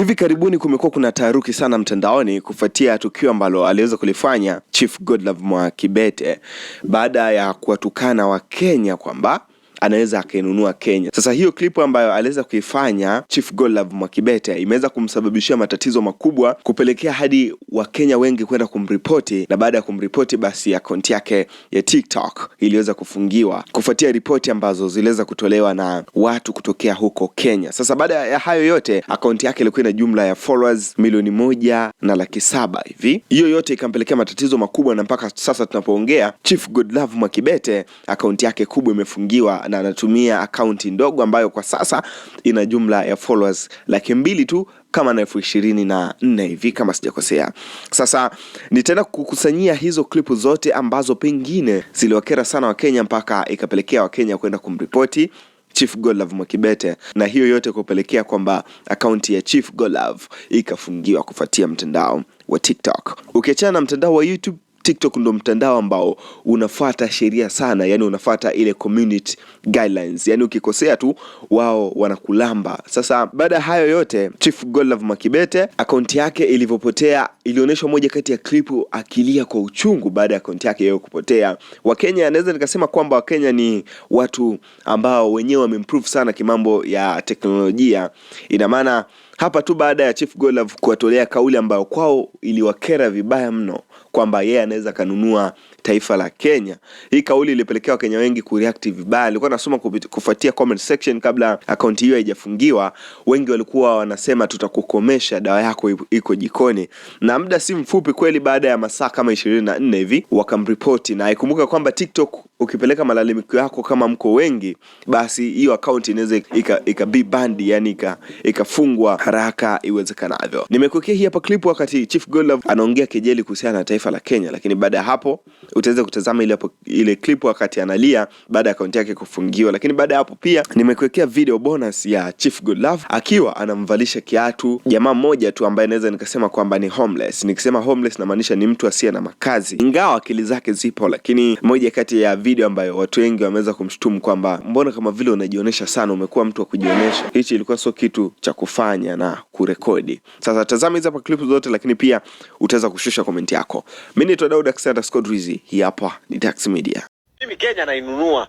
Hivi karibuni kumekuwa kuna taharuki sana mtandaoni kufuatia tukio ambalo aliweza kulifanya Chief Godlove Mwakibete baada ya kuwatukana Wakenya kwamba anaweza akainunua Kenya. Sasa hiyo klipu ambayo aliweza kuifanya Chief Godlove Mwakibete imeweza kumsababishia matatizo makubwa, kupelekea hadi Wakenya wengi kwenda kumripoti, na baada ya kumripoti basi akaunti yake ya TikTok iliweza kufungiwa kufuatia ripoti ambazo ziliweza kutolewa na watu kutokea huko Kenya. Sasa baada ya hayo yote, akaunti yake ilikuwa ina jumla ya followers milioni moja na laki saba hivi. Hiyo yote ikampelekea matatizo makubwa, na mpaka sasa tunapoongea Chief Godlove Mwakibete akaunti yake kubwa imefungiwa na anatumia akaunti ndogo ambayo kwa sasa ina jumla ya followers laki mbili tu kama na elfu ishirini na nne hivi kama sijakosea. Sasa nitaenda kukusanyia hizo klipu zote ambazo pengine ziliwakera sana Wakenya mpaka ikapelekea Wakenya kwenda kumripoti Chief Godlove Mwakibete na hiyo yote kupelekea kwamba akaunti ya Chief Godlove ikafungiwa kufuatia mtandao wa TikTok. Ukiachana na mtandao wa YouTube TikTok ndo mtandao ambao unafuata sheria sana, yani unafuata ile community guidelines, yani ukikosea tu wao wanakulamba. Sasa baada ya hayo yote, Chief Godlove Makibete akaunti yake ilivyopotea ilionyeshwa moja kati ya klipu akilia kwa uchungu baada ya akaunti yake yeye kupotea. Wakenya, naweza nikasema kwamba Wakenya ni watu ambao wenyewe wameimprove sana kimambo ya teknolojia, ina maana hapa tu baada ya Chief Godlove kuwatolea kauli ambayo kwao iliwakera vibaya mno kwamba yeye anaweza kanunua taifa la Kenya. Hii kauli ilipelekea Wakenya wengi kureact vibaya. Alikuwa nasoma kufuatia comment section kabla akaunti hiyo haijafungiwa, wengi walikuwa wanasema tutakukomesha, dawa yako iko jikoni. Na muda si mfupi kweli, baada ya masaa kama 24 hivi wakamripoti, na ikumbuka kwamba TikTok ukipeleka malalamiko yako kama mko wengi, basi hiyo akaunti inaweza ika ika be banned, yani ikafungwa haraka iwezekanavyo. Nimekuwekea hii hapa clip wakati Chief Godlove anaongea kejeli kuhusiana na taifa la Kenya, lakini baada ya hapo utaweza kutazama ile ile clip wakati analia baada ya akaunti yake kufungiwa. Lakini baada ya hapo pia nimekuwekea video bonus ya Chief Godlove akiwa anamvalisha kiatu jamaa mmoja tu ambaye naweza nikasema kwamba ni homeless. Nikisema homeless namaanisha ni mtu asiye na makazi, ingawa akili zake zipo, lakini moja kati ya video video ambayo watu wengi wameweza kumshutumu kwamba mbona kama vile unajionyesha sana, umekuwa mtu wa kujionyesha. Hichi ilikuwa sio kitu cha kufanya na kurekodi. Sasa tazama hizi hapa clip zote, lakini pia utaweza kushusha komenti yako. Mimi ni Todd Alexander Scott Rizzi, hii hapa ni Dax Media. Mimi Kenya nainunua,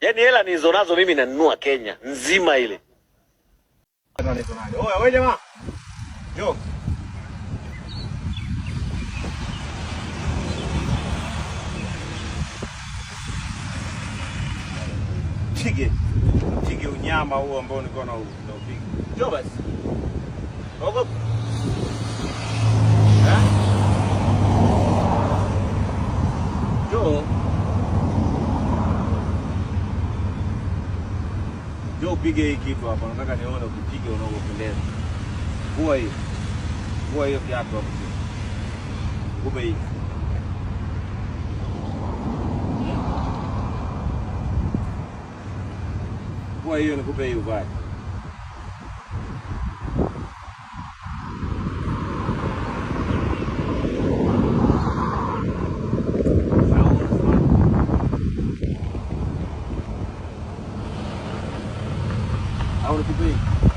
yani hela nazo mimi nanunua Kenya nzima ile. wewe jamaa. mpige mpige unyama huu ambao nilikuwa na upiga. Njoo basi, ogopa eh? njoo njoo upige hii kitu hapa, nataka nione ukipiga unavyopendeza. Vua hiyo, vua hiyo kiatu hapo, kumbe hii Guaiana que o Benil vai. Ahora que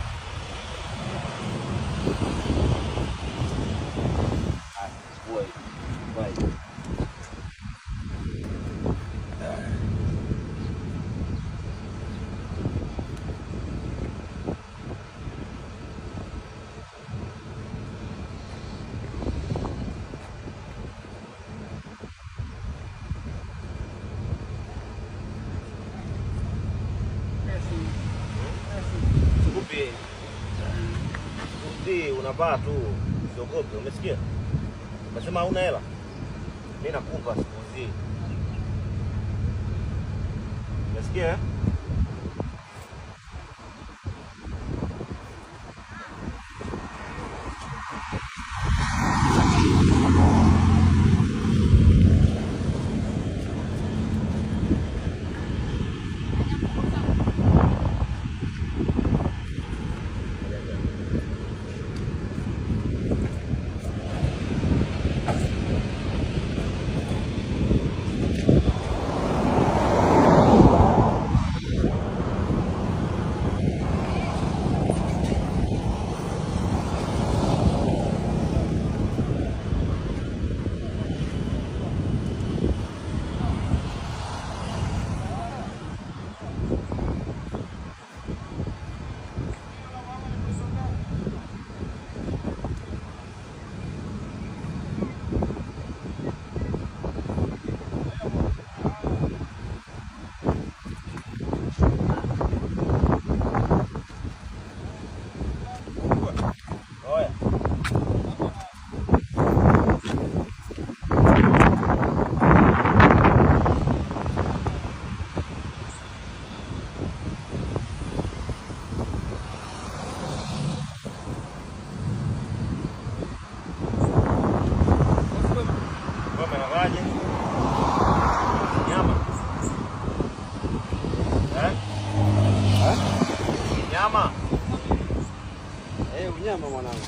mti unavaa tu, usiogope. Umesikia? Unasema hauna hela, mi nakupa siku hizi. Umesikia? Eh?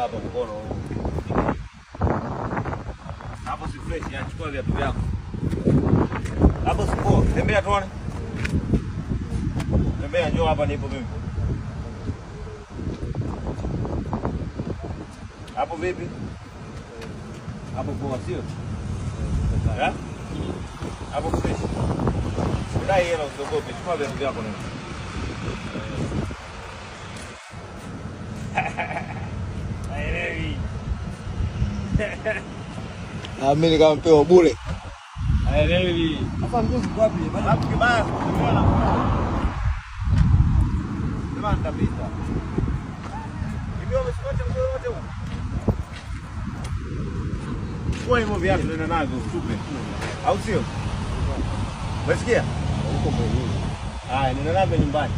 Weka hapo mkono hapo, si fresh. Chukua viatu vyako hapo, sio tembea, tuone tembea, njoo hapa, nipo mimi hapo. Vipi hapo, poa sio? Hapo fresh, udai hela, usiogope, chukua viatu vyako. kama ah, nikampewa bure. Haelewi. Sasa mjomba uko wapi? Alafu kibaya tumeona. Sema nitapita. Ndio msikote mzee wote huko. Kwa hiyo viatu nenda nazo tupe. Au sio? Unasikia? Huko mbele. Ah, nenda navyo nyumbani.